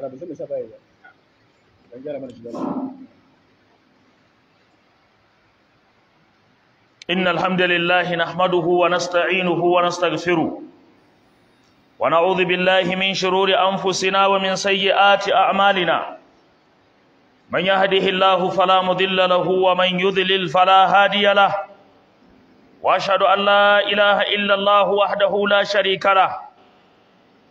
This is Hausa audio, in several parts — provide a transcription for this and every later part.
Kana ba zai sa baya ba. Dan gyara mana shi ba. إن الحمد لله نحمده ونستعينه ونستغفره ونعوذ بالله من شرور أنفسنا ومن سيئات أعمالنا من يهده الله فلا مضل له ومن يذلل فلا هادي له وأشهد أن لا إله إلا الله وحده لا شريك له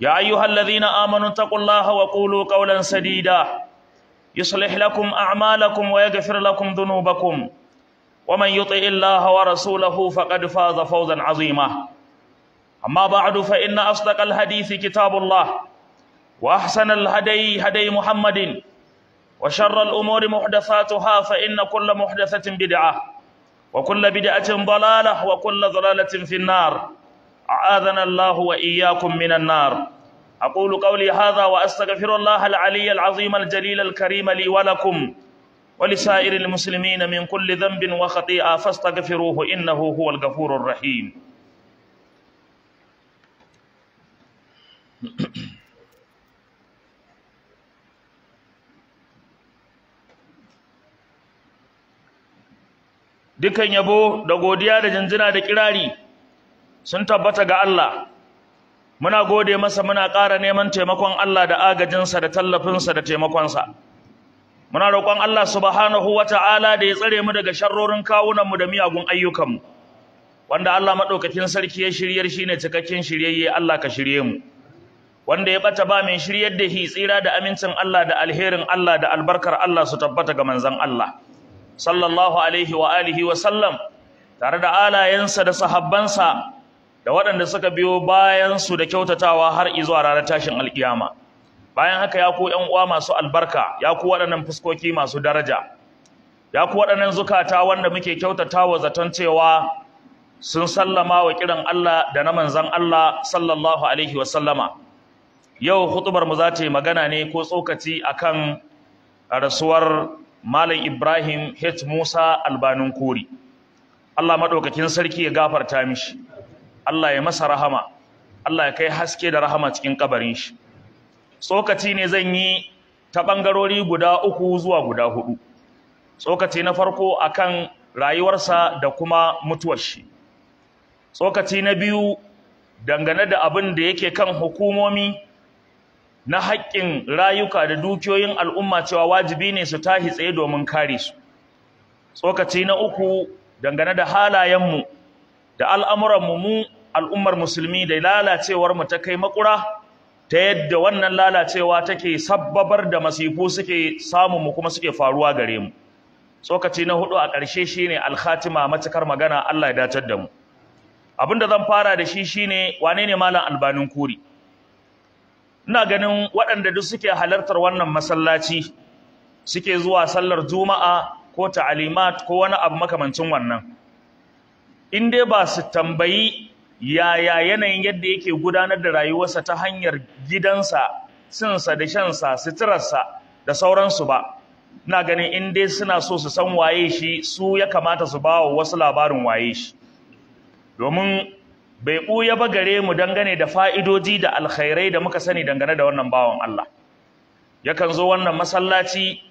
يا أيها الذين آمنوا اتقوا الله وقولوا قولا سديدا يصلح لكم أعمالكم ويغفر لكم ذنوبكم ومن يطع الله ورسوله فقد فاز فوزا عظيما أما بعد فإن أصدق الحديث كتاب الله وأحسن الهدي هدي محمد وشر الأمور محدثاتها فإن كل محدثة بدعة وكل بدعة ضلالة وكل ضلالة في النار أعاذنا الله وإياكم من النار أقول قولي هذا وأستغفر الله العلي العظيم الجليل الكريم لي ولكم ولسائر المسلمين من كل ذنب وخطيئة فاستغفروه إنه هو الغفور الرحيم dukan yabo da godiya da jinjina da kirari sun tabbata ga Allah muna gode masa muna ƙara neman taimakon Allah da agajinsa da tallafinsa da taimakonsa muna roƙon Allah subhanahu wata'ala da ya tsare mu daga sharrorin kawunanmu da miyagun ayyukanmu wanda Allah maɗaukakin sarki ya shiryar ne cikakken shiryayye Allah ka shirye mu wanda ya ɓata ba mai shiryar da hi tsira da amincin Allah da alherin Allah da albarkar Allah su tabbata ga manzon Allah sallallahu alaihi wa alihi wa sallam tare da alayensa da sahabbansa da waɗanda suka biyo bayan su da kyautatawa har izuwa ranar tashin alkiyama bayan haka ya ku ƴan uwa masu albarka ya ku waɗannan fuskoki masu daraja ya ku waɗannan zukata wanda muke kyautatawa zaton cewa sun sallama wa kiran Allah da na manzan Allah sallallahu alaihi wasallama yau hutubar mu za ta yi magana ne ko tsokaci akan rasuwar Malam Ibrahim H Musa Albanin Kuri. Allah madaukakin sarki ya gafarta mishi Allah ya masa rahama Allah ya kai haske da rahama cikin kabarin shi tsokaci ne zan yi ta bangarori guda uku zuwa guda hudu tsokaci na farko akan rayuwarsa da kuma mutuwar shi tsokaci na biyu dangane da abin da yake kan hukumomi na haƙƙin rayuka da dukiyoyin al'umma cewa wajibi ne su tahi tsaye domin kare su tsokaci na uku dangane da halayenmu da al'amuranmu mu al'ummar musulmi da lalacewar mu ta kai makura ta yadda wannan lalacewa take sabbabar da masifu suke samu mu kuma suke faruwa gare mu tsokaci na hudu a ƙarshe shine alkhatima matakar magana Allah ya datar da mu abinda zan fara da shi shine wane ne malam albanin kuri ina ganin waɗanda duk suke halartar wannan masallaci suke zuwa sallar juma'a ko ta'alimat ko wani abu makamancin wannan in dai ba su tambayi yaya yanayin yadda yake gudanar da rayuwarsa ta hanyar gidansa sinsa da shansa suturarsa da sauransu ba na ganin in dai suna so su san waye shi su ya kamata su bawa wasu labarin waye shi domin bai ɓuya ba gare mu dangane da fa'idodi da alkhairai da muka sani dangane da wannan bawan Allah yakan zo wannan masallaci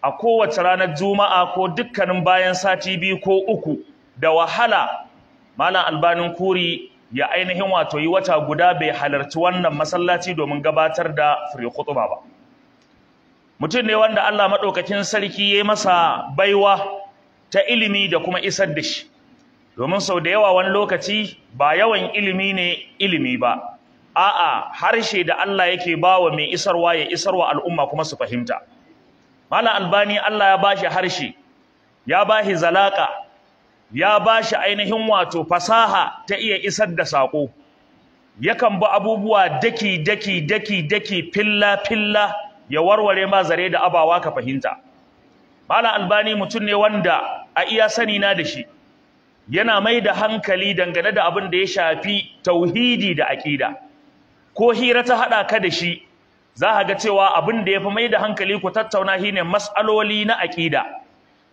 a kowace ranar juma'a ko dukkanin bayan sati biyu ko uku da wahala malam albanin kuri ya ainihin wato yi wata guda bai halarci wannan masallaci domin gabatar da free khutba ba mutum ne wanda Allah madaukakin sarki ya yayi masa baiwa ta ilimi da kuma isar da shi domin sau da yawa wani lokaci ba yawan ilimi ne ilimi ba a'a harshe da Allah yake bawa mai isarwa ya isarwa al'umma kuma su fahimta malam albani Allah ya bashi harshe ya bashi zalaƙa. ya ba shi ainihin wato fasaha ta iya isar da saƙo yakan bi abubuwa daki daki daki daki filla filla ya warware ma zare da abawa ka fahimta Bala albani mutum ne wanda a iya sani na da shi yana mai da hankali dangane da abin da ya shafi tauhidi da aƙida ko hira ta haɗa ka da shi za ka ga cewa abin da ya fi mai da hankali ku tattauna shine mas'aloli na aƙida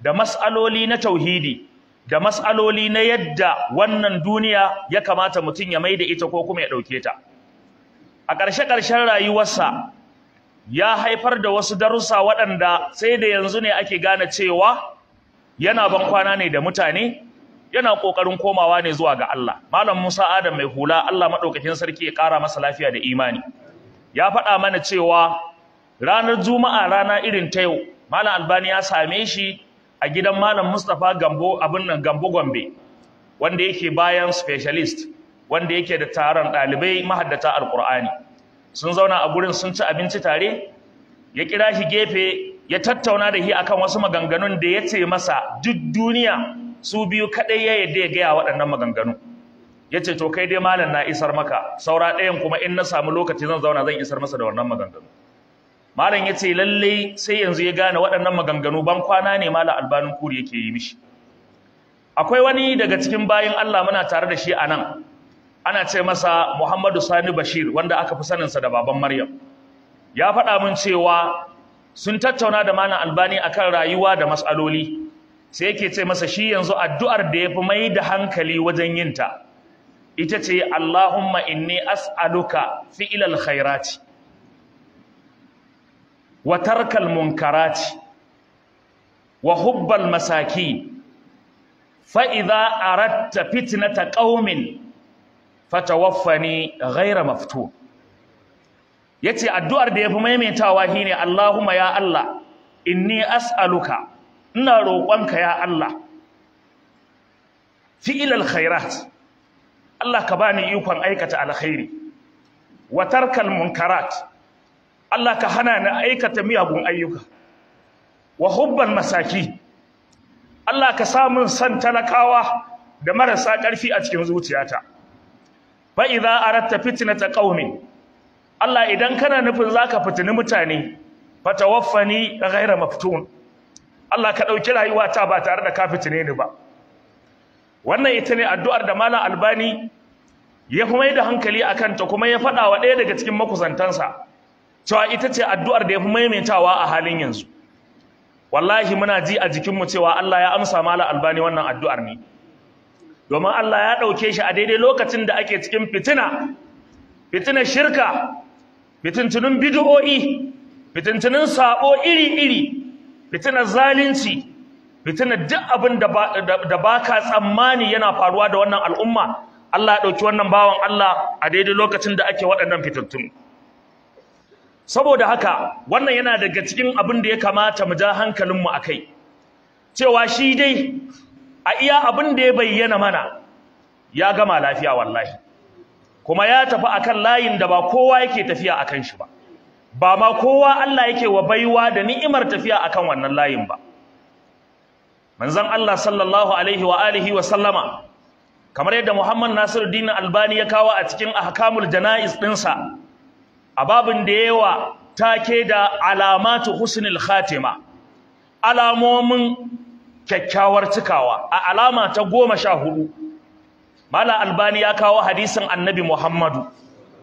da mas'aloli na tauhidi da mas'aloli na yadda wannan duniya ya kamata mutum ya mai da ita ko kuma ya ɗauke ta a ƙarshe-ƙarshen rayuwarsa ya haifar da wasu darussa waɗanda sai da yanzu ne ake gane cewa yana ban kwana ne da mutane yana ƙoƙarin komawa ne zuwa ga Allah malam Musa Adam mai hula Allah madaukakin sarki ya ƙara masa lafiya da imani ya faɗa mana cewa ranar juma'a rana irin ta yau malam Albani ya same shi a gidan malam Mustapha Gambo abin nan Gambo Gombe wanda yake bayan specialist wanda yake da taron ɗalibai mahaddata alƙur'ani sun zauna a gurin sun ci abinci tare ya kira shi gefe ya tattauna da shi akan wasu maganganun da ya ce masa duk duniya su biyu kaɗai ya yadda ya gaya waɗannan maganganu ya ce to kai dai malam na isar maka saura ɗayan kuma in na samu lokaci zan zauna zan isar masa da wannan maganganu malam ya ce lallai sai yanzu ya gane waɗannan maganganu ban kwana ne malam albanin kuri yake yi mishi akwai wani daga cikin bayin Allah muna tare da shi anan. ana ce masa Muhammadu Sani Bashir wanda aka fi saninsa da baban Maryam ya faɗa min cewa sun tattauna da malam albani akan rayuwa da matsaloli sai yake ce masa shi yanzu addu'ar da ya fi mai da hankali wajen yinta ita ce Allahumma inni as'aluka fi'ilal khairati wa tarkal munkarati wa hubbal masakin fa idza aradta fitnata qaumin fatawaffani ghayra maftun yace addu'ar da ya yafi maimaitawa shine Allahumma ya Allah inni as'aluka ina roƙonka ya Allah fi'il alkhairat Allah ka bani ikon aikata alkhairi wa tarkal munkarat Allah ka hana ni aikata miyagun ayyuka wa hubban masaki Allah ka sa min san talakawa da marasa ƙarfi a cikin zuciyata fa idza aratta fitnata qaumin Allah idan kana nufin zaka fitini mutane fatawaffani ghaira maftun Allah ka dauki rayuwata ba tare da ka fitine ni ba wannan ita ne addu'ar da malam albani ya fi mai da hankali a kanta kuma ya faɗa wa ɗaya daga cikin makusantansa cewa ita ce addu'ar da ya fi maimaitawa a halin yanzu wallahi muna ji a jikinmu cewa Allah ya amsa mala albani wannan addu'ar ne domin Allah ya ɗauke shi a daidai lokacin da ake cikin fitina fitinar shirka fitintunin bidu’o’i fitintunin sabo iri-iri fitinar zalunci fitina duk abin da ba ka tsammani yana faruwa da wannan al'umma Allah ya ɗauki wannan bawan Allah a daidai lokacin da ake waɗannan fitintunin saboda haka wannan yana daga cikin abin da ya kamata mu ja hankalinmu a kai cewa shi dai a iya abin da ya bayyana mana ya gama lafiya wallahi kuma ya tafi akan layin da ba kowa yake tafiya akan shi ba ba ma kowa Allah yake wa baiwa da ni'imar tafiya akan wannan layin ba manzon Allah sallallahu alaihi wa alihi wa sallama kamar yadda Muhammad Nasiruddin Albani ya kawo a cikin ahkamul janaiz dinsa a babin da yawa take da alamatu husnul khatima alamomin kyakkyawar cikawa a alama ta goma sha hudu mala albani ya kawo hadisin annabi muhammadu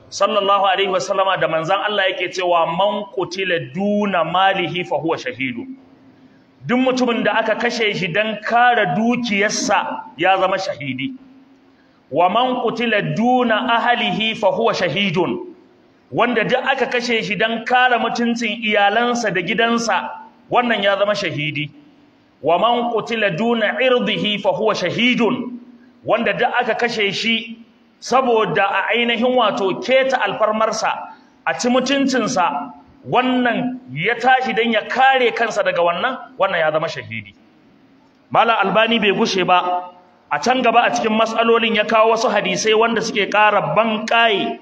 sallallahu alaihi wasallama da manzan Allah yake cewa man qutila duna malihi fa huwa shahidu duk mutumin da aka kashe shi dan kare dukiyarsa ya zama shahidi wa man qutila duna ahlihi fa shahidun wanda duk aka kashe shi don kare mutuncin iyalansa da gidansa wannan ya zama shahidi wa man qutila duna irdihi fa huwa shahidun wanda duk aka kashe shi saboda a ainihin wato keta alfarmarsa a ci mutuncinsa wannan ya tashi don ya kare kansa daga wannan wannan ya zama shahidi mala albani bai gushe ba a can gaba a cikin matsalolin ya kawo wasu hadisai wanda suke ƙara banƙaye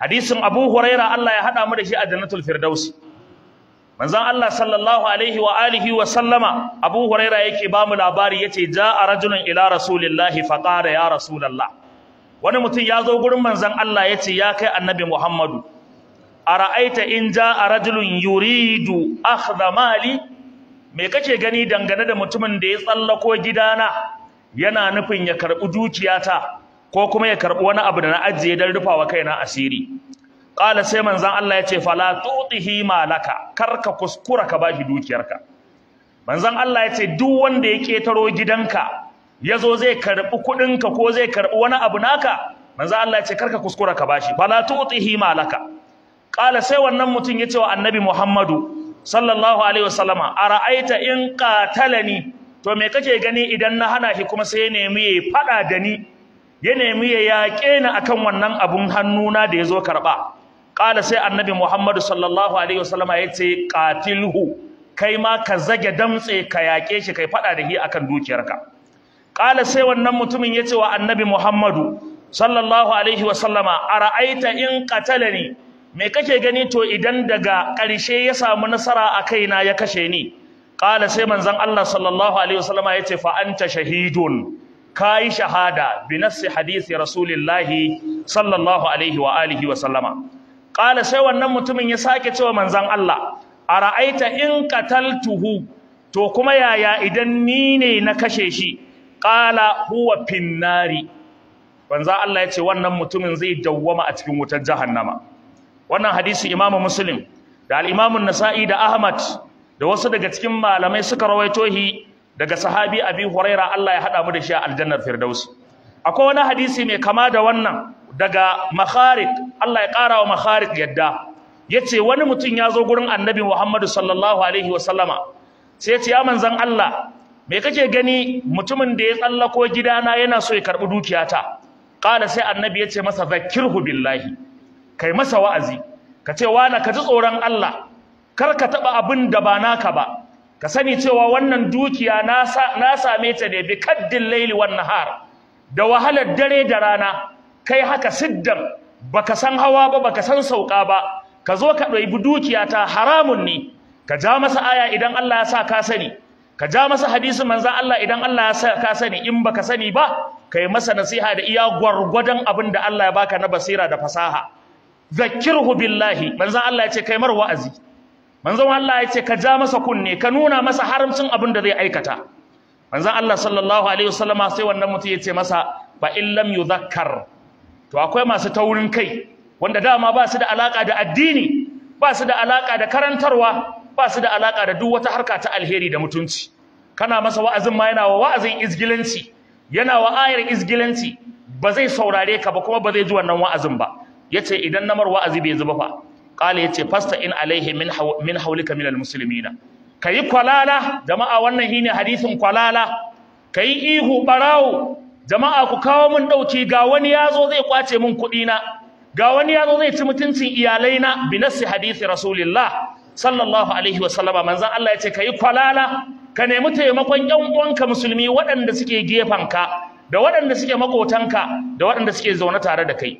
hadisin Abu Huraira Allah ya haɗa mu da shi a Jannatul Firdaus manzon Allah sallallahu alaihi wa alihi wa sallama Abu Huraira yake ba mu labari yace jaa rajulun ila rasulillahi qala ya rasulullah wani mutum ya zo gurin manzon Allah yace ya kai annabi Muhammadu ara'aita in jaa rajulun yuridu akhdha mali me kake gani dangane da mutumin da ya tsallako gidana yana nufin ya karbi dukiyata ko kuma ya karɓi wani abu da na ajiye don rufawa kaina asiri ƙala sai manzan Allah ya ce fala tutihi malaka kar ka kuskura ka bashi dukiyarka manzan Allah ya ce duk wanda ya ƙetaro gidanka ya zo zai karɓi kuɗinka ko zai karɓi wani abu naka manzan Allah ya ce kar ka kuskura ka bashi fala tutihi malaka ƙala sai wannan mutum ya ce wa annabi Muhammadu sallallahu alaihi wasallama ra'aita in qatalani to me kake gani idan na hana shi kuma sai ya nemi ya faɗa da ni ya nemi ya yaƙe ni akan wannan abun hannuna da ya zo karɓa ƙala sai annabi muhammadu sallallahu alaihi wasallama ya ce ƙatilhu kai ma ka zage damtse ka yaƙe shi kai faɗa da shi akan dukiyarka ƙala sai wannan mutumin ya ce wa annabi muhammadu sallallahu alaihi wasallama ara'aita in qatalani me kake gani to idan daga ƙarshe ya samu nasara a kaina ya kashe ni ƙala sai manzon Allah sallallahu alaihi wasallama ya ce fa anta shahidun ka yi shahada bi nassi hadisi rasulillahi sallallahu alaihi wa alihi wa sallama qala sai wannan mutumin ya sake cewa manzon Allah ara'aita in qataltuhu to kuma yaya idan ni ne na kashe shi qala huwa finnari manzon Allah ya ce wannan mutumin zai dawwama a cikin wutar jahannama wannan hadisi imamu muslim da al-imamu nasa'i da ahmad da wasu daga cikin malamai suka rawaito shi daga sahabi abi huraira Allah ya haɗa mu da shi a aljannar firdausi akwai wani hadisi mai kama da wannan daga makharik Allah ya kara wa makharik yadda yace wani mutum ya zo gurin annabi Muhammadu sallallahu alaihi wa sallama sai ya ce ya manzon Allah me kake gani mutumin da ya tsallako gidana yana so ya karɓi dukiyata qala sai annabi yace masa zakirhu billahi kai masa wa'azi ka ce wani ka ji tsoron Allah kar ka taɓa abin da ba naka ba ka sani cewa wannan dukiya na same ta ne bi kaddin laili wan nahar da wahalar dare da rana kai haka siddan baka san hawa ba baka san sauka ba ka zo ka ɗoyi dukiya ta haramun ne ka ja masa aya idan Allah ya sa ka sani ka ja masa hadisi manzan Allah idan Allah ya sa ka sani in baka sani ba kai masa nasiha da iya gwargwadon abin da Allah ya baka na basira da fasaha zakirhu billahi manzon Allah ya ce kai mar wa'azi manzon Allah ya ce ka ja masa kunne ka nuna masa haramcin abin da zai aikata manzon Allah sallallahu alaihi wasallama sai wannan mutum ya ce masa ba in yuzakkar to akwai masu taurin kai wanda dama ba su da alaka da addini ba su da alaka da karantarwa ba su da alaka da duk wata harka ta alheri da mutunci kana masa wa'azin ma yana wa wa'azin izgilanci yana wa'ayar izgilanci ba zai saurare ka ba kuma ba zai ji wannan wa'azin ba yace idan namar wa'azi bai zuba fa kala yace fasta in alaihi min min haulika minal Ka kayi kwalala jama'a wannan shine hadisin kwalala kayi ihu barawo jama'a ku kawo mun dauki ga wani yazo zai kwace mun kuɗi na ga wani yazo zai ci mutuncin iyalai na bi hadisi rasulillah sallallahu alaihi wa sallama manzon Allah yace kayi kwalala ka nemi taimakon yan uwanka musulmi waɗanda suke gefanka da waɗanda suke makotanka da waɗanda suke zaune tare da kai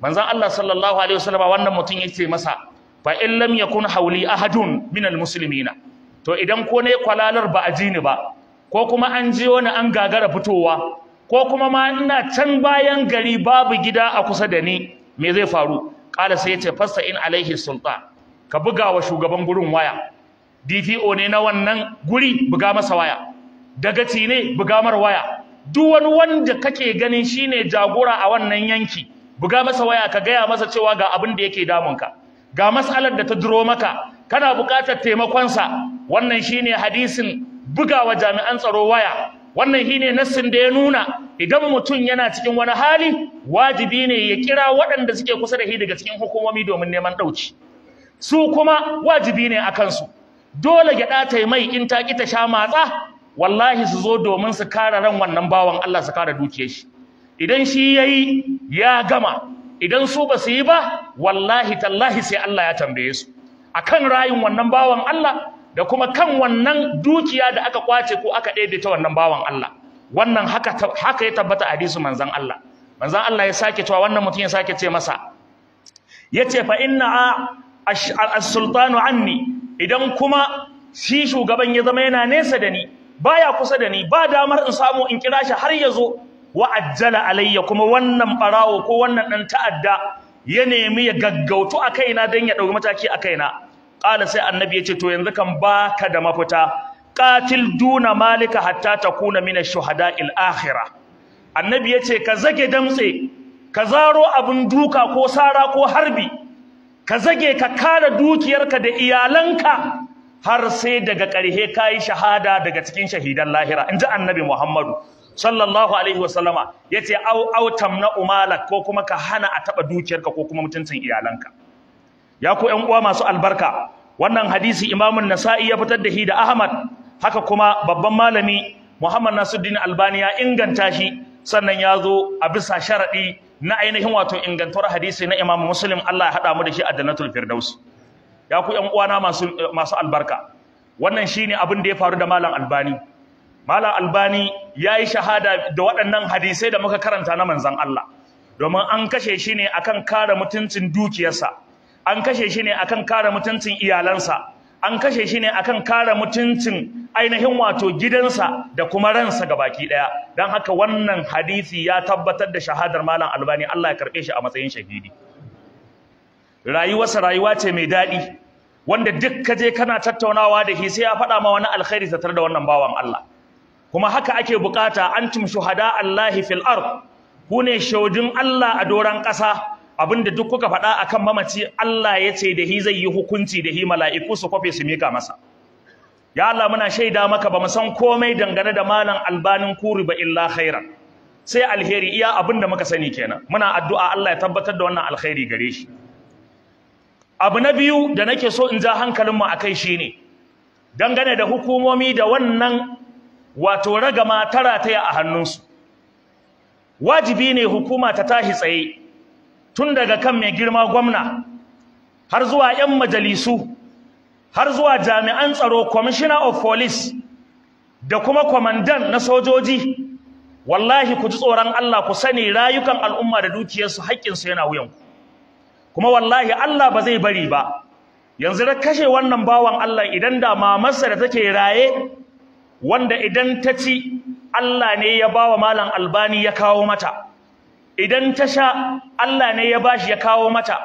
manzon Allah sallallahu alaihi wasallam wannan mutum yace masa Ba in lam kun hauli ahadun minal na. to idan ko ne kwalalar ba a jini ba ko kuma an ji wani an gagara fitowa ko kuma ma ina can bayan gari babu gida a kusa da ni me zai faru kala sai yace fasta in alaihi sulta. ka buga wa shugaban gurin waya DPO ne na wannan guri buga masa waya dagaci ne buga mar waya duk wani wanda kake ganin shine jagora a wannan yanki buga masa waya ka gaya masa cewa ga abin da yake damunka ga mas'alar da ta duro maka kana buƙatar taimakonsa wannan shine hadisin bugawa jami'an tsaro waya wannan shine nassin da ya nuna idan mutum yana cikin wani hali wajibi ne ya kira waɗanda suke kusa da shi daga cikin hukumomi domin neman ɗauci su kuma wajibi ne a kansu dole gyaɗa ta mai in ta ƙi ta sha matsa wallahi su zo domin su kare ran wannan bawan Allah su kare dukiyar shi idan shi yayi ya gama idan su ba su yi ba wallahi tallahi sai Allah ya tambaye su akan rayin wannan bawan Allah da kuma kan wannan dukiya da aka kwace ko aka ɗebe ta wannan bawan Allah wannan haka ya tabbata hadisu manzon Allah manzon Allah ya sake cewa wannan mutum ya sake ce masa yace fa inna as-sultanu anni idan kuma shi shugaban ya zama yana nesa da ni baya kusa da ni ba damar in samu in kira shi har ya zo wa ajjala alayya kuma wannan barawo ko wannan dan ta'adda ya nemi ya gaggautu a kaina dan ya dauki mataki a kaina qala sai annabi ya ce to yanzu kan ba ka da mafita qatil duna malika hatta takuna min ash-shuhada'il akhirah annabi ya ce ka zage damtse ka zaro abun duka ko sara ko harbi ka zage ka kare dukiyarka da iyalanka har sai daga ƙarhe kayi shahada daga cikin shahidan lahira inji annabi Muhammadu sallallahu alaihi wasallama yace au Autam na umalak ko kuma ka hana a taɓa dukiyarka ko kuma mutuncin iyalanka ya ku ƴan uwa masu albarka wannan hadisi imamun nasa'i ya fitar da shi da ahmad haka kuma babban malami muhammad nasuddin albani ya inganta shi sannan ya zo a bisa sharaɗi na ainihin wato ingantuwar hadisi na imamu muslim allah ya haɗa mu da shi a jannatul firdaus ya ku ƴan uwana masu masu albarka wannan shine abin da ya faru da malam albani malam albani ya yi shahada da waɗannan hadisai da muka karanta na manzan Allah domin an kashe shi ne akan kare mutuncin dukiyarsa an kashe shi ne akan kare mutuncin iyalansa an kashe shi ne akan kare mutuncin ainihin wato gidansa da kuma ransa ga baki ɗaya don haka wannan hadisi ya tabbatar da shahadar malam albani Allah ya karɓe shi a matsayin shahidi rayuwarsa rayuwa ce mai daɗi wanda duk ka je kana tattaunawa da shi sai ya faɗa ma wani alkhairi tattare da wannan bawan Allah kuma haka ake bukata antum shuhada Allahi fil ard ku ne shaujin Allah a doran ƙasa abinda duk kuka faɗa akan mamaci Allah ya ce da hi zai yi hukunci da hi mala'iku su kwafe su mika masa ya Allah muna shaida maka ba mu san komai dangane da malam albanin kuri ba illa khairan sai alheri iya abinda muka sani kenan muna addu'a Allah ya tabbatar da wannan alheri gare shi abu na biyu da nake so in ja hankalinmu a kai shine dangane da hukumomi da wannan wato ragama tara yi a hannunsu wajibi ne hukuma ta tashi tsaye tun daga kan mai girma gwamna har zuwa 'yan majalisu har zuwa jami'an tsaro commissioner of police da kuma kwamandan na sojoji wallahi ku ji tsoron Allah ku sani rayukan al'umma da dukiyarsu haƙƙinsu yana wuyanku kuma wallahi Allah ba zai bari ba yanzu da kashe wannan bawan Allah idan da mamarsa da take raye wanda idan ta ci Allah ne ya bawa malam albani ya kawo mata idan ta sha Allah ne ya bashi ya kawo mata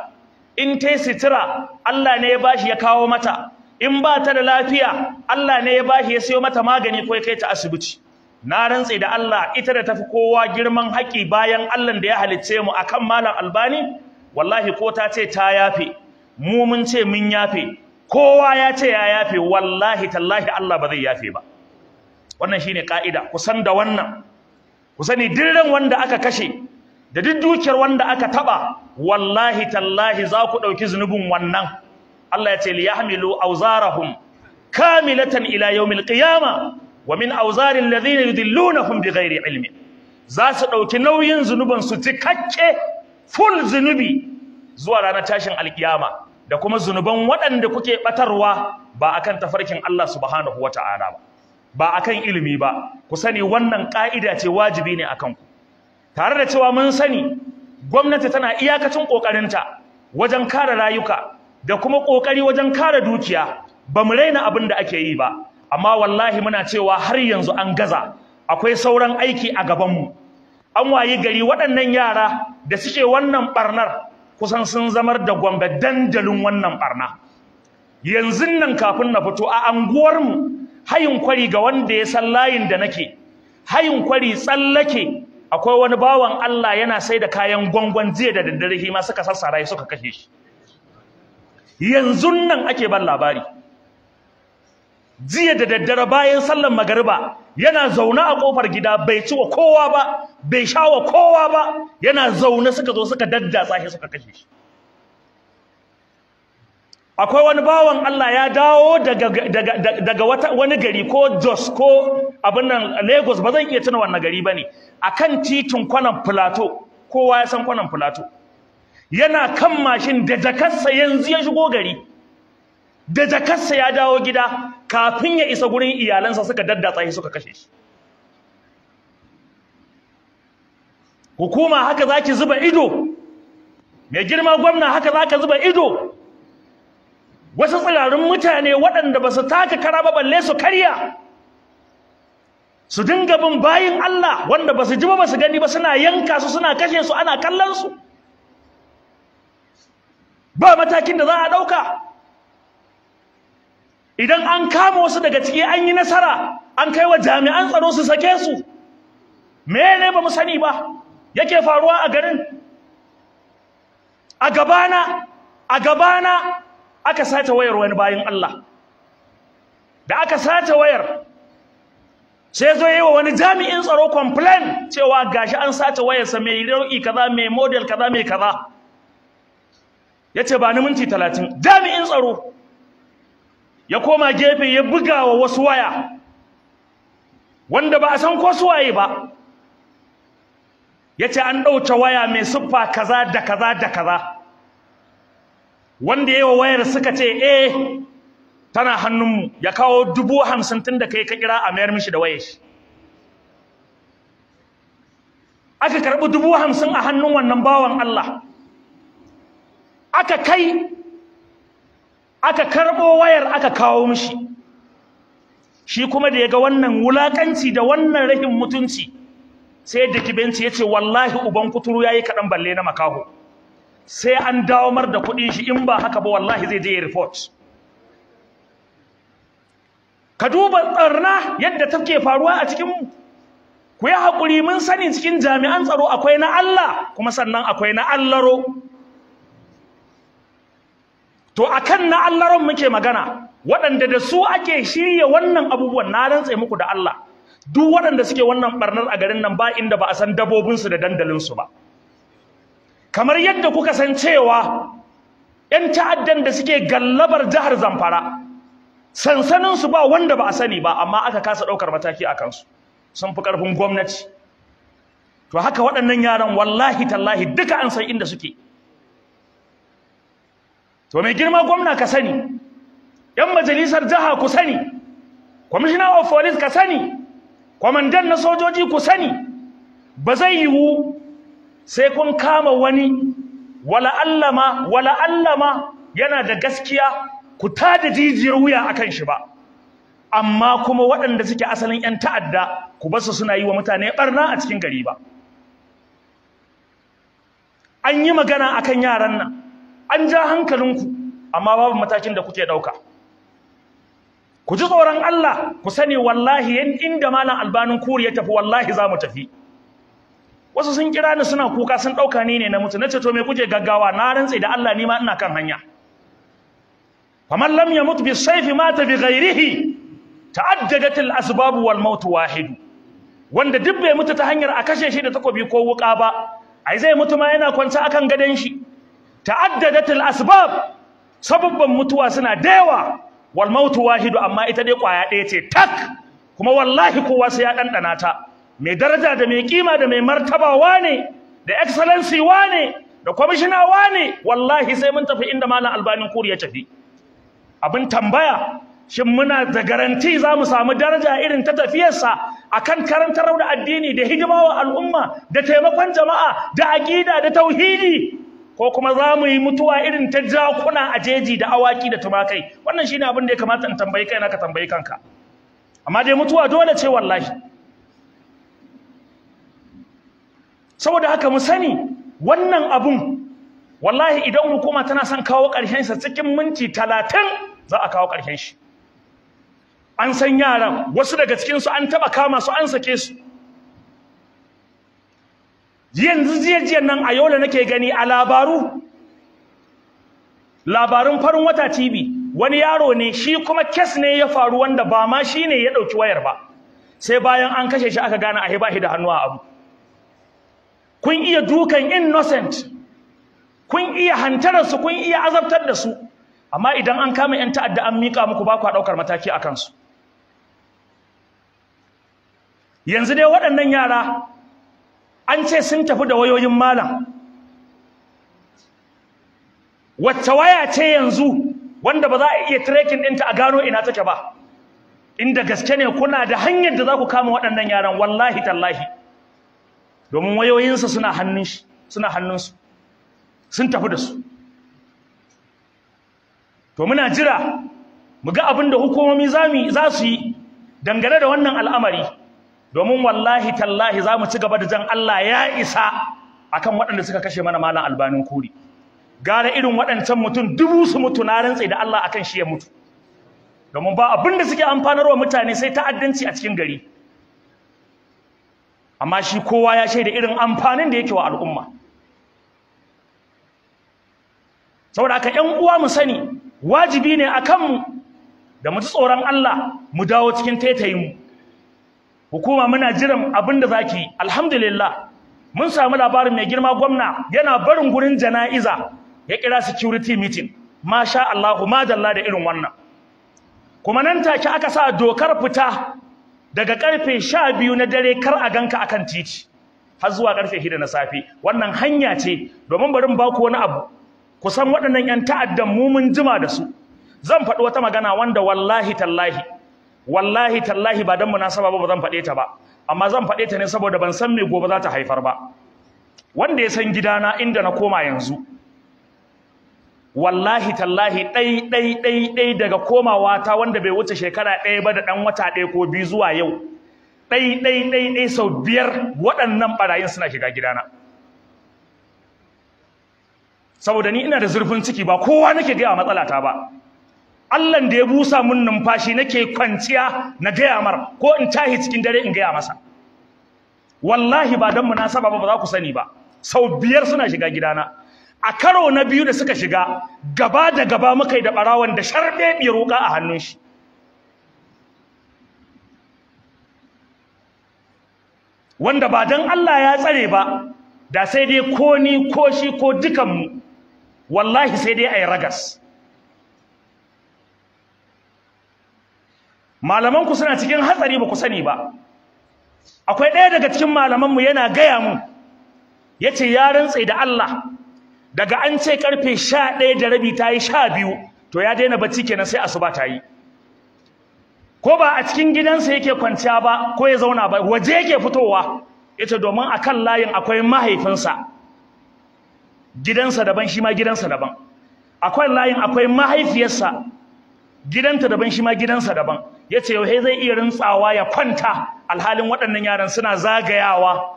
in ta sitira Allah ne ya bashi ya kawo mata in ba ta da lafiya Allah ne ya bashi ya sayo mata magani ko ya kai ta asibiti na rantse da Allah ita da tafi kowa girman haƙi bayan Allah da ya halicce mu akan malam albani wallahi ko ta ce ta yafe mu mun ce mun yafe kowa ya ce ya yafe wallahi tallahi Allah ba zai yafe ba wannan shine ka'ida ku san da wannan ku sani dirran wanda aka kashe da duk dukiyar wanda aka taba wallahi tallahi za ku dauki zunubin wannan Allah ya ce li yahmilu awzarahum kamilatan ila yawmil qiyama wa min na alladhina yudillunahum bighairi ilmi za su dauki nauyin zunuban su cikakke full zunubi zuwa ranar tashin alkiyama da kuma zunuban waɗanda kuke batarwa ba akan tafarkin Allah subhanahu wata'ala ba ba akan ilimi ba ku sani wannan ƙa'ida ce wajibi ne akan ku tare da cewa mun sani gwamnati tana iyakacin ƙoƙarinta wajen kare rayuka da kuma ƙoƙari wajen kare dukiya ba mu raina abin da ake yi ba amma wallahi muna cewa har yanzu an gaza akwai sauran aiki a gabanmu. an wayi gari waɗannan yara da suke wannan ɓarnar kusan sun zamar da gwamba dandalin wannan ɓarna. yanzu nan kafin na fito a anguwar mu hayin kwari ga wanda ya san layin da nake hayin kwari tsallake akwai wani bawan Allah yana sai da kayan gwangwan jiya da daddare hima suka sassara ya suka kashe shi yanzu nan ake ban labari jiya da daddare bayan sallan magariba yana zaune a kofar gida bai ci wa kowa ba bai sha wa kowa ba yana zaune suka zo suka daddatsa shi suka kashe shi akwai wani bawan Allah ya dawo daga wani gari ko Jos ko abin nan Lagos ba zan iya tuna wannan gari ba bane akan titin kwanan Plateau kowa ya san kwanan Plateau yana kan mashin da jakarsa yanzu ya shigo gari da jakarsa ya dawo gida kafin ya isa gurin iyalansa suka daddatsa shi suka kashe shi hukuma haka zaki zuba ido mai girma gwamna haka zaka zuba ido wasu tsirarun mutane waɗanda ba su taka kara ba balle su karya su dinga bin bayin Allah wanda ba su ji ba ba su gani ba suna yanka su suna kashe su ana kallon su ba matakin da za a ɗauka idan an kama wasu daga ciki an yi nasara an kai wa jami'an tsaro su sake su me ne ba mu sani ba yake faruwa a garin a gabana a gabana aka sace wayar wani bayin Allah da aka sace wayar sai zo yi wa wani jami'in tsaro complain cewa gashi an sace wayarsa mai nau'i kaza mai model kaza mai kaza yace ce ba ni minti talatin jami'in tsaro ya koma gefe ya buga wa wasu waya wanda ba a san ko suwaye ba yace an ɗauce waya mai siffa kaza da kaza da kaza wanda yawa wayar suka ce e tana hannunmu ya kawo dubu hamsin tun da kai ka kira a mayar mishi da waye shi aka karɓi dubu hamsin a hannun wannan bawan Allah aka kai aka karɓo wayar aka kawo mishi shi kuma da ya ga wannan wulaƙanci da wannan rahin mutunci sai da kibinci ya ce wallahi uban kuturu ya yi kaɗan balle na makaho sai an dawo mar da kuɗin shi in ba haka ba wallahi zai je ya report ka duba tsarna yadda take faruwa a cikin mu ku yi haƙuri mun sani cikin jami'an tsaro akwai na Allah kuma sannan akwai na Allaro to akan na Allaron muke magana waɗanda da su ake shirya wannan abubuwan na rantse muku da Allah duk waɗanda suke wannan barnar a garin nan ba inda ba a san dabobinsu da dandalin su ba kamar yadda kuka san cewa 'yan ta'addan da suke gallabar jihar zamfara sansaninsu ba wanda ba a sani ba amma aka kasa ɗaukar mataki a kansu sun fi ƙarfin gwamnati to haka waɗannan yaran wallahi tallahi duka an san inda suke to mai girma gwamna ka sani 'yan majalisar jiha ku sani kwamishina of police ka sani kwamandan na sojoji ku sani ba zai yiwu sai kun kama wani wala allama wala allama yana da gaskiya ku tada jijiyar wuya akan shi ba amma kuma waɗanda suke asalin ƴan ta'adda ku basu suna yi wa mutane barna a cikin gari ba an yi magana akan yaran nan an ja hankalinku amma babu matakin da kuke ɗauka ku ji tsoron Allah ku sani wallahi inda malam albanin kuri ya tafi wallahi za mu tafi wasu sun kira ni suna kuka sun dauka ni ne na mutu nace to me kuje gaggawa na rantse da Allah ni ma ina kan hanya faman lam yamut bi sayfi mata bi ghairihi ta'addadat al asbab wal maut wahid wanda duk bai mutu ta hanyar a kashe shi da takobi ko wuka ba ai zai mutu ma yana kwance akan gadan shi ta'addadat al asbab sababban mutuwa suna da yawa wal maut wahid amma ita dai kwaya ɗaya ce tak kuma wallahi kowa sai ya dandana ta mai daraja da mai kima da mai martaba wane da excellency wane da kwamishina wane wallahi sai mun tafi inda malam albanin kuri ya tafi abin tambaya shin muna da garanti za mu samu daraja irin ta tafiyarsa akan karantar da addini da hidima al'umma da taimakon jama'a da aƙida da tauhidi ko kuma za mu yi mutuwa irin ta jakuna a jeji da awaki da tumakai wannan shine abin da ya kamata in tambayi kaina ka tambayi kanka amma dai mutuwa dole ce wallahi saboda haka mu sani wannan abun wallahi idan hukuma tana son kawo ƙarshen sa cikin minti talatin za a kawo ƙarshen shi an san yaran wasu daga cikin su an taba kama su an sake su yanzu jiya nan a yola nake gani a labaru labarun farin wata TV wani yaro ne shi kuma kes ne ya faru wanda ba ma shine ya dauki wayar ba sai bayan an kashe shi aka gane a shi da hannu a abu kun iya dukan innocent kun iya su kun iya azabtar da su amma idan an kama 'yan ta'adda an mika muku ba ku ɗaukar mataki a kansu yanzu dai waɗannan yara an ce sun tafi da wayoyin malam wacce waya ce yanzu wanda ba za a iya tracking ɗinta a gano ina take ba inda gaske ne kuna da hanyar da za ku kama waɗannan yaran wallahi tallahi domin wayoyinsa suna hannun shi suna hannunsu sun tafi da su to muna jira mu ga abin da hukumomi za su yi dangane da wannan al'amari domin wallahi tallahi za mu ci gaba da jan Allah ya isa akan waɗanda suka kashe mana malam albanin kuri gara irin waɗancan mutum dubu su mutu na rantse da Allah akan shi ya mutu domin ba abin da suke amfanarwa mutane sai ta'addanci a cikin gari amma shi kowa ya shaida irin amfanin da yake wa al'umma saboda haka ƴan uwa mu sani wajibi ne akan mu da mu tsoron Allah mu dawo cikin taitayin mu hukuma muna jiran abin da zaki alhamdulillah mun samu labarin mai girma gwamna yana barin gurin jana'iza ya kira security meeting masha Allah madalla da irin wannan kuma nan take aka sa dokar fita daga karfe biyu na dare kar a ganka akan titi har zuwa karfe 6 na safe wannan hanya ce domin barin ba baku wani abu san waɗannan ƴan ta'addan mu mun jima da su zan faɗi wata magana wanda wallahi tallahi wallahi tallahi ba dan munasaba ba zan faɗe ta ba amma zan faɗe ta ne saboda ban san me gobe za ta haifar ba wanda ya san gidana inda na koma yanzu wallahi tallahi ɗai ɗai ɗai ɗai daga komawa ta wanda bai wuce shekara ɗaya ba da ɗan wata ɗaya ko biyu zuwa yau ɗai ɗai ɗai ɗai sau biyar waɗannan ɓarayin suna shiga gidana saboda ni ina da zurfin ciki ba kowa nake gaya matsalata ba Allah da ya busa mun numfashi nake kwanciya na gaya mar ko in tahi cikin dare in gaya masa wallahi ba don munasaba ba ba za ku sani ba sau biyar suna shiga gidana a karo na biyu da suka shiga gaba da gaba muka yi da barawan da sharɓe mai roƙa a hannun shi wanda ba don Allah ya tsare ba da sai dai ko ni ko shi ko dukanmu wallahi sai dai a yi ragas ku suna cikin hatsari ba ku sani ba akwai ɗaya daga cikin malamanmu yana gaya mu ya ce ya rantse da Allah daga an ce karfe sha ɗaya da rabi ta yi sha biyu to ya daina bacci kenan sai asuba ta yi ko ba a cikin gidansa yake kwanciya ba ko ya zauna ba waje yake fitowa Ita domin a kan layin akwai mahaifinsa gidansa daban shi ma gidansa daban akwai layin akwai mahaifiyarsa gidanta daban shi ma gidansa daban Ya ce yau zai iya rintsawa ya kwanta alhalin waɗannan yaran suna zagayawa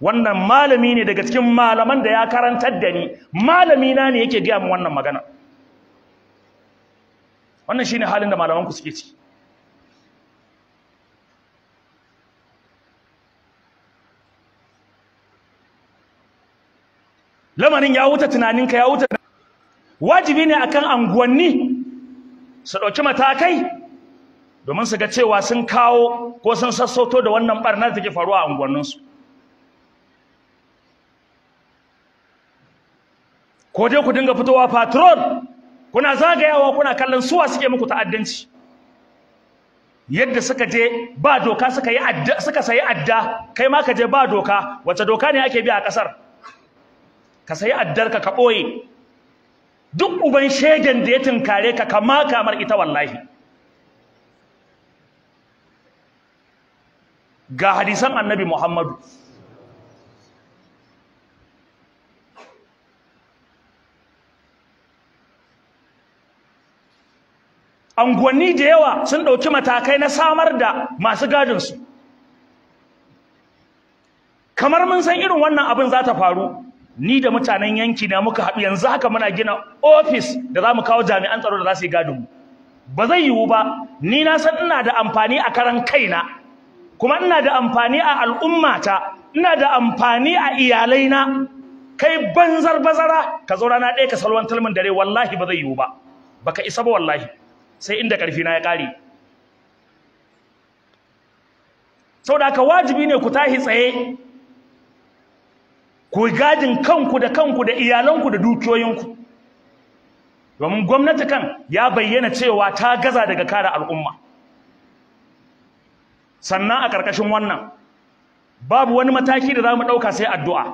wannan malami ne daga cikin malaman da ya karantar da ni malami na ne yake gaya mu wannan magana wannan shine halin da malaman ku suke ci lamarin ya wuta tunaninka ya wuta wajibi ne akan anguwanni su ɗauki matakai domin su ga cewa sun kawo ko sun sassoto da wannan ɓarnar da take faruwa a unguwanninsu ko dai ku dinga fitowa patron kuna zagayawa kuna kallon suwa suke muku ta'addanci yadda suka je ba doka suka yi adda suka sayi adda kai ma ka je ba doka wace doka ne ake bi a kasar ka sayi addar ka ka boye duk uban shegen da ya tunkare ka kama kamar ita wallahi ga hadisan annabi Muhammadu Anguwanni da yawa sun ɗauki matakai na samar da masu gadinsu kamar mun san irin wannan abin za ta faru ni da mutanen yanki na muka haɗu yanzu haka muna gina ofis da za mu kawo jami'an tsaro da za su yi gadinmu ba zai yiwu ba ni na san ina da amfani a karan kaina kuma ina da amfani a al'ummata ina da amfani a iyalaina kai banzar bazara ka zo rana ɗaya ka salwantar min dare wallahi ba zai yiwu ba baka isa ba wallahi sai inda ƙarfi na ya ƙare sau da wajibi ne ku tahi tsaye ku gadin kanku da kanku da iyalanku da dukiyoyinku domin gwamnati kan ya bayyana cewa ta gaza daga kare al'umma sannan a ƙarƙashin wannan babu wani mataki da za mu ɗauka sai addu'a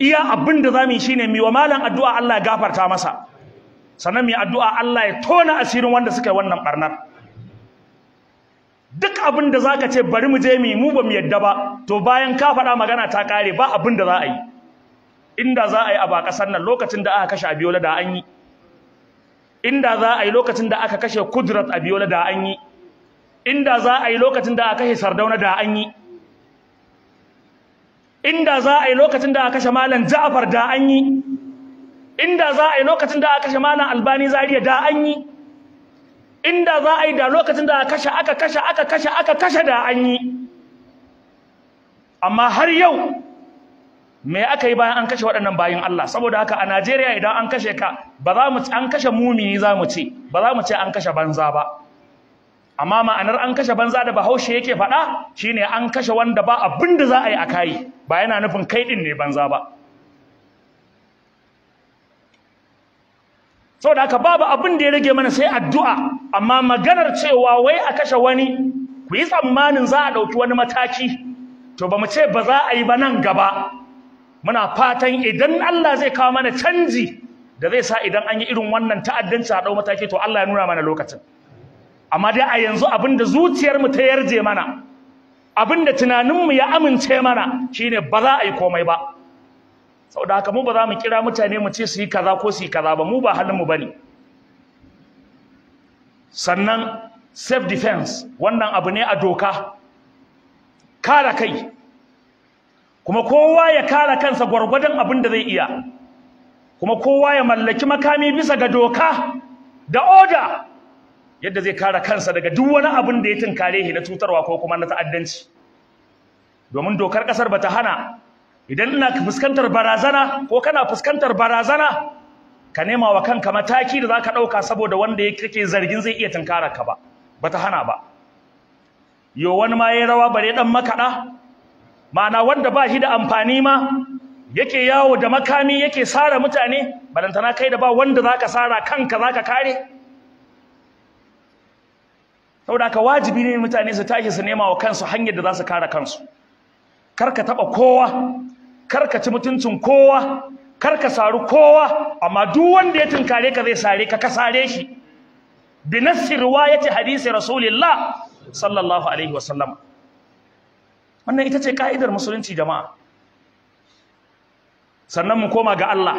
iya abin da za mu yi shi ne miwa malam addu'a Allah gafarta masa sannan mai addu'a Allah ya tona asirin wanda suka yi wannan barnar duk abin da ka ce bari mu je mu mu ba mu yadda ba to bayan ka faɗa magana ta ƙare ba abin da za a yi inda za a yi a ba ƙasar nan lokacin da aka kashe Abiola da an yi inda za a yi lokacin da aka kashe Kudrat Abiola da an yi inda za a yi lokacin da aka kashe Sardauna da an yi inda za a yi lokacin da aka kashe Malam Ja'far da an yi inda za a yi lokacin da aka kashe malam albani zariya da an yi inda za a yi da lokacin da aka kashe aka kashe aka kashe aka kashe da an yi amma har yau me aka yi bayan an kashe waɗannan bayan Allah saboda haka a Najeriya idan an kashe ka ba za mu an kashe mumini za mu ce ba za mu ce an kashe banza ba amma ma'anar an kashe banza da Bahaushe yake faɗa shine an kashe wanda ba abin da za a yi a kai ba yana nufin kai din ne banza ba saboda haka babu abin da ya rage mana sai addu'a amma maganar cewa wai a kashe wani ku yi tsammanin za a ɗauki wani mataki to ba mu ce ba za a yi ba nan gaba muna fatan idan Allah zai kawo mana canji da zai sa idan an yi irin wannan ta'addanci a ɗau mataki to Allah ya nuna mana lokacin amma dai a yanzu abin da zuciyarmu ta yarje mana abin da tunaninmu ya amince mana shine ba za a yi komai ba saboda haka mu ba za mu kira mutane mu ce su yi kaza ko su yi kaza ba mu ba halin mu ne. sannan self defense wannan abu ne a doka kare kai kuma kowa ya kare kansa gwargwadon abin da zai iya kuma kowa ya mallaki makami bisa ga doka da order yadda zai kare kansa daga duk wani abin da ya tinkare shi na cutarwa ko kuma na ta'addanci domin dokar kasar ta hana idan ina fuskantar barazana ko kana fuskantar barazana ka nema wa kanka mataki da zaka dauka saboda wanda yake zargin zai iya tunkarar ka ba bata hana ba yo wani ma yayi rawa bare dan makada ma'ana wanda ba shi da amfani ma yake yawo da makami yake sara mutane balantana kai da ba wanda zaka sara kanka zaka kare saboda ka wajibi ne mutane su tashi su nema wa kansu hanyar da za su kare kansu kar ka taba kowa kar ka ci mutuncin kowa kar ka saru kowa amma duk wanda ya tunkare ka zai sare ka ka sare shi bi nassi riwayati hadisi rasulillah sallallahu alaihi wasallam wannan ita ce ka'idar musulunci jama'a sannan mu koma ga Allah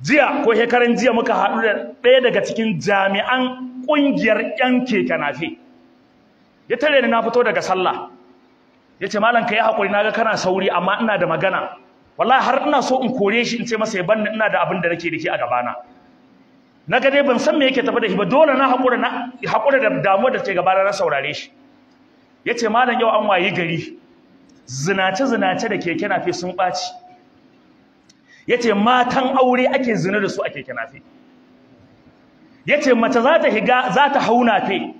jiya ko shekaran jiya muka haɗu da ɗaya daga cikin jami'an ƙungiyar 'yan keke nafe ya tare ni na fito daga sallah ya ce malam ka yi haƙuri na ga kana sauri amma ina da magana wallahi har ina so in kore shi in ce masa ya banni ina da abin da nake da a gabana na ga dai ban san me yake tafi da shi ba dole na haƙura na haƙura da damuwar da ke gabana na saurare shi ya ce malam yau an wayi gari zinace zinace da keke nafe sun ɓaci ya ce matan aure ake zina da su a keke nafe ya ce mace za ta higa za hau nafe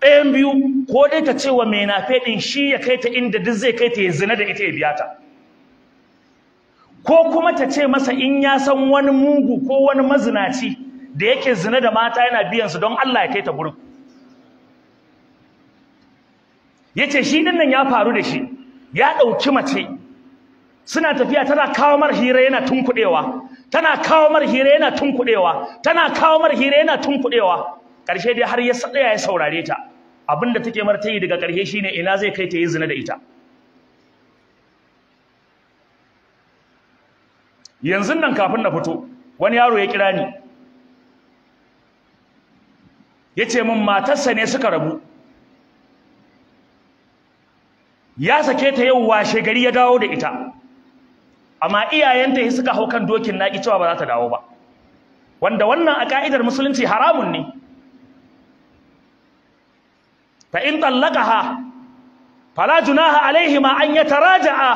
ɗayan biyu ko dai ta ce wa mai nafe ɗin shi ya kai ta inda duk zai kai ta ya zina da ita ya biya ta ko kuma ta ce masa in ya san wani mugu ko wani mazinaci da yake zina da mata yana biyan su don Allah ya kai ta gurin yace shi din nan ya faru da shi ya ɗauki mace suna tafiya tana kawo mar hira yana tunkuɗewa tana kawo mar hira yana tunkuɗewa tana kawo mar hira yana tunkuɗewa ƙarshe dai har ya tsaya ya saurare ta abin da take marta yi daga ƙarshe shine ina zai kai ta yi zina da ita yanzu nan kafin na fito wani yaro ya kira ni ya ce min matarsa ne suka rabu ya sake ta yau washe gari ya dawo da ita amma iyayenta ya suka hau kan dokin naƙi cewa ba za ta dawo ba wanda wannan a ƙa'idar musulunci haramun ne fa in tallaqaha fala junaha alaihima an yataraja'a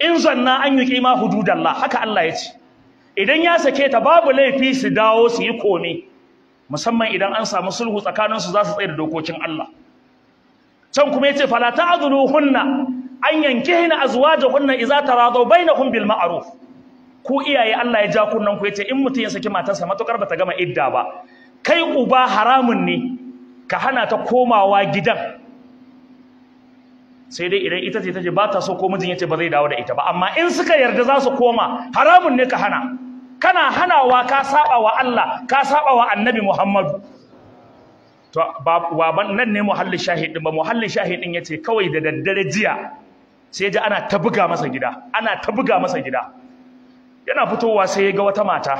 in zanna an yuqima hududallah haka Allah ce. idan ya sake ta babu laifi su dawo su yi musamman idan an samu sulhu tsakanin su za su tsaya da dokokin Allah can kuma yace fala hunna. an yankihina azwajuhunna idza taradaw bainahum bil ma'ruf ku iyaye Allah ya ja kunnan ku yace in mutun ya saki matarsa matukar bata gama idda ba kai uba haramun ne ka hana ta komawa gidan sai dai idan ita ce ta ce ba ta so ko mijin ya ce ba zai dawo da ita ba amma in suka yarda za su koma haramun ne ka hana kana hanawa ka saba wa Allah ka saba wa annabi Muhammadu to ba nan ne muhallin shahidin ba muhallin shahidin yace kawai da daddare jiya sai ji ana ta buga masa gida ana ta buga masa gida yana fitowa sai ya ga wata mata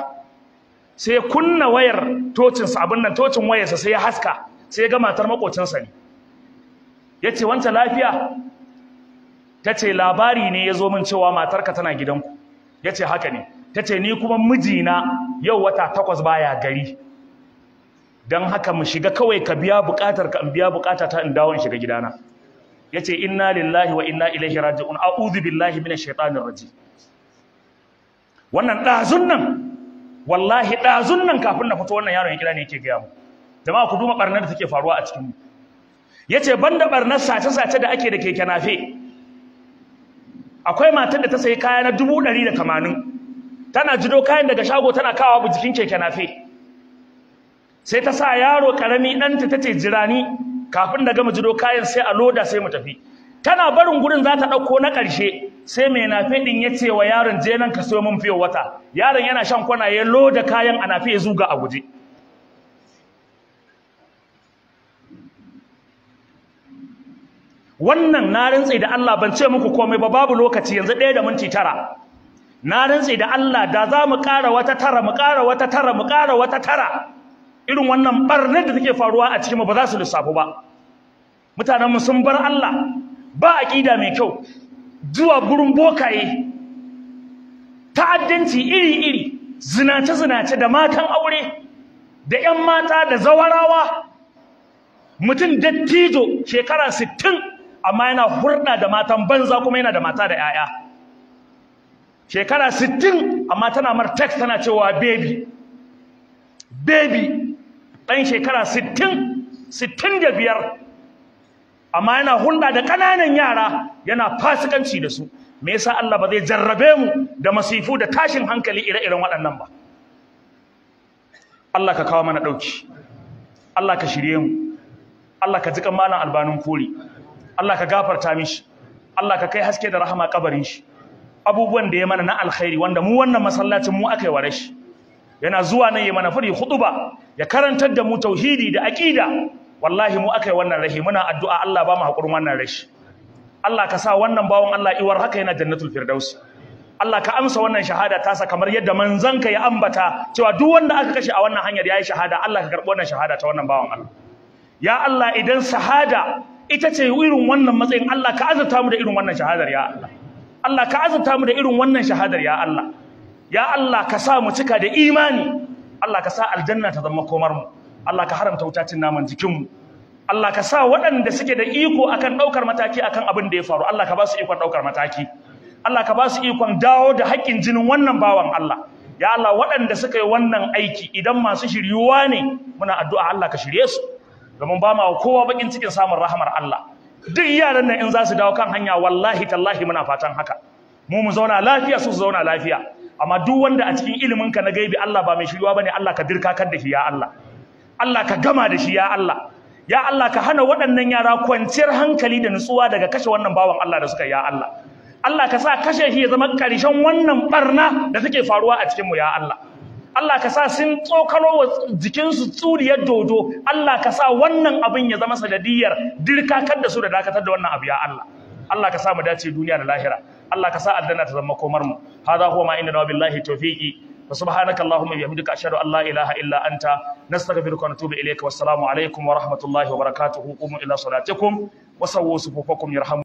sai kunna wayar tocinsa abin nan tocin wayarsa sai ya haska sai ga matar makocinsa ne ya ce wancan lafiya ta ce labari ne ya zo min cewa matarka tana gidanku ya ce haka ne ta ce ni kuma mijina yau wata takwas baya gari don haka mu shiga kawai ka biya bukatar ka biya bukata ta in dawo shiga gidana ya ce inna lillahi wa inna ilaihi raji'un a'udhu billahi minash shaitanir rajim wannan ɗazun nan wallahi ɗazun nan kafin na fito wannan yaron ya kira ne yake gaya mu jama'a ku duba barnar da take faruwa a cikin mu yace banda barnar sace-sace da ake da keke nafe akwai matar da ta sayi kaya na dubu ɗari da tana jido kayan daga shago tana kawo bu jikin keke nafe sai ta sa yaro karami ɗanta ta ce jirani kafin da gama jido kayan sai a loda sai mu tafi tana barin gurin za ta ɗauko na karshe sai mai nafe ɗin ya ce wa yaron je nan ka so mun fiye wata yaron yana shan kwana ya loda kayan a nafe ya zuga a guje wannan na rantsi da Allah ban ce muku komai ba babu lokaci yanzu ɗaya da minti tara na rantsi da Allah da za mu ƙara wata tara mu ƙara wata tara mu ƙara wata tara irin wannan barnar da take faruwa a cikin mu ba za su lissafu ba mutanen mu sun bar Allah ba aqida mai kyau zuwa gurin bokaye ta'addanci iri-iri zinace-zinace da matan aure da 'yan mata da zawarawa mutum dattijo shekara sittin. amma yana hurɗa da matan banza kuma yana da mata da 'ya'ya shekara 60 amma tana mar text tana cewa baby baby ɗan shekara da biyar amma yana hulɗa da ƙananan yara yana fasikanci da su me yasa Allah ba zai jarrabe mu da masifu da tashin hankali ire-iren waɗannan ba Allah ka kawo mana ɗauki Allah ka shirye mu Allah ka ji kan malam albanin kori Allah ka gafarta mishi Allah ka kai haske da rahama kabarin shi abubuwan da ya mana na alkhairi wanda mu wannan masallacin mu aka yi wa rashi yana zuwa nan ya mana fari khutuba ya karantar da mu tauhidi da aqida wallahi mu aka yi wannan rashi muna addu'a Allah ba mu hakurin wannan rashi Allah ka sa wannan bawon Allah iwar haka yana jannatul firdausi Allah ka amsa wannan shahada tasa kamar yadda manzanka ya ambata cewa duk wanda aka kashe a wannan hanyar yayi shahada Allah ka karbi wannan shahada ta wannan bawan Allah ya Allah idan shahada ita ce irin wannan matsayin Allah ka azurta mu da irin wannan shahadar ya Allah Allah ka azurta mu da irin wannan shahadar ya Allah ya Allah ka sa mu cika da imani Allah ka sa aljanna ta zama komar mu Allah ka haramta wutacin naman jikin mu Allah ka sa waɗanda suke da iko akan ɗaukar mataki akan abin da ya faru Allah ka ba su ikon ɗaukar mataki Allah ka ba su ikon dawo da haƙƙin jinin wannan bawan Allah ya Allah waɗanda suka yi wannan aiki idan masu shiryuwa ne muna addu'a Allah ka shirye su domin ba ma kowa bakin cikin samun rahamar Allah duk yaran nan in za su dawo kan hanya wallahi tallahi muna fatan haka mu mu zauna lafiya su zauna lafiya amma duk wanda a cikin ilimin ka na gaibi Allah ba mai shiryuwa bane Allah ka dirka kan da shi ya Allah Allah ka gama da shi ya Allah ya Allah ka hana waɗannan yara kwanciyar hankali da nutsuwa daga kashe wannan bawan Allah da suka ya Allah Allah ka sa kashe shi ya zama ƙarshen wannan barna da take faruwa a cikin mu ya Allah Allah ka sa sun tsokaro wa jikinsu tsuriyar dodo, Allah ka sa wannan abin ya zama dirka dirkakar da su da dakatar da wannan abu ya Allah. Allah ka sa mu dace duniya da lahira. Allah ka sa aljanna ta zama komar mu. Hada huwa ma inna na billahi tawfiqi. Wa subhanaka Allahumma bihamdika ashhadu an la ilaha illa anta nastaghfiruka wa natubu ilayka wa assalamu alaykum wa rahmatullahi wa barakatuhu. Qumu ila salatikum wa sawwu sufufakum yarhamu